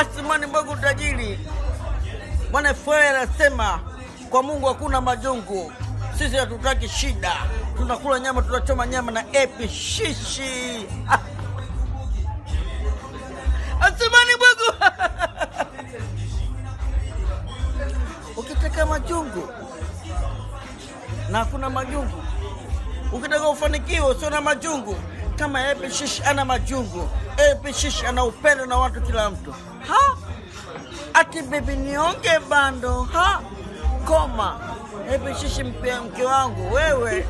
asimani Mbogo tajiri bwana Fue anasema kwa Mungu hakuna majungu. Sisi hatutaki shida, tunakula nyama, tunachoma nyama na epi shishi. Asimani Mbogo ukitaka majungu na hakuna majungu, ukitaka ufanikiwe sio na majungu kama epi shishi ana majungu. Epi shishi ana upendo na watu, kila mtu ha ati bibi nionge bando ha koma hebu shishi mpia mke wangu wewe.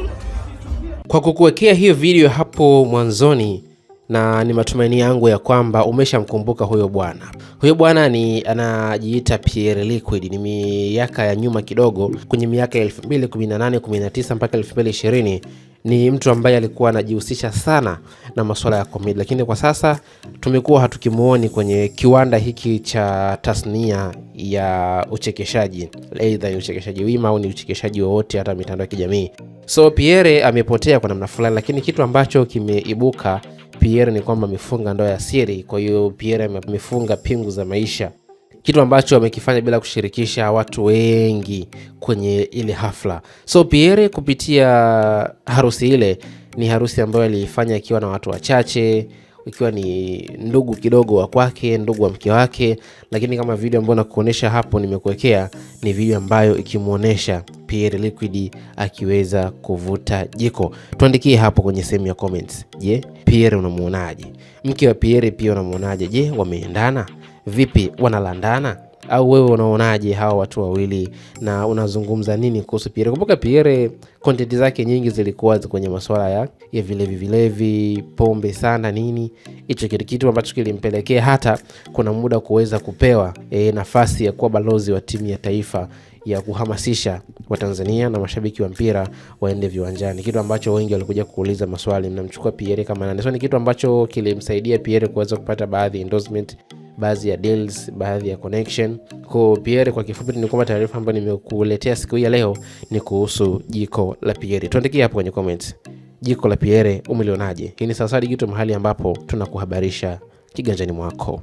Kwa kukuwekea hiyo video hapo mwanzoni, na ni matumaini yangu ya kwamba umeshamkumbuka huyo bwana. Huyo bwana ni anajiita Pierre Liquid. Ni miaka ya nyuma kidogo, kwenye miaka ya 2018 19 mpaka 2020 ni mtu ambaye alikuwa anajihusisha sana na masuala ya komedi, lakini kwa sasa tumekuwa hatukimuoni kwenye kiwanda hiki cha tasnia ya uchekeshaji, aidha ni uchekeshaji wima au ni uchekeshaji wowote, hata mitandao ya kijamii. So Pierre amepotea kwa namna fulani, lakini kitu ambacho kimeibuka Pierre ni kwamba amefunga ndoa ya siri. Kwa hiyo Pierre amefunga pingu za maisha kitu ambacho amekifanya bila kushirikisha watu wengi kwenye ile hafla. So piere kupitia harusi ile, ni harusi ambayo aliifanya ikiwa na watu wachache, ikiwa ni ndugu kidogo wa kwake, ndugu wa mke wake. Lakini kama video ambayo nakuonyesha hapo, nimekuwekea ni video ambayo ikimwonyesha Pierre Liquid akiweza kuvuta jiko. Tuandikie hapo kwenye sehemu ya comments. Je, Pierre unamuonaje? Mke wa Pierre pia unamuonaje? Je, wameendana? Vipi, wanalandana au wewe unaonaje hawa watu wawili na unazungumza nini kuhusu Pierre? Kumbuka Pierre content zake nyingi zilikuwa kwenye masuala ya, ya vilevi vilevi, pombe sana nini, hicho kitu kitu ambacho kilimpelekea hata kuna muda kuweza kupewa e, nafasi ya kuwa balozi wa timu ya taifa ya kuhamasisha Watanzania na mashabiki wa mpira waende viwanjani, kitu ambacho wengi walikuja kuuliza maswali, mnamchukua Pierre kama nani? So ni kitu ambacho kilimsaidia Pierre kuweza kupata baadhi endorsement baadhi ya deals, baadhi ya connection. Kwa Pierre, kwa kifupi ni kwamba taarifa ambayo nimekuletea siku hii ya leo ni kuhusu jiko la Pierre. Tuandikie hapo kwenye comments. Jiko la Pierre umelionaje? Hii ni Sawasawa Digital, mahali ambapo tunakuhabarisha kiganjani mwako.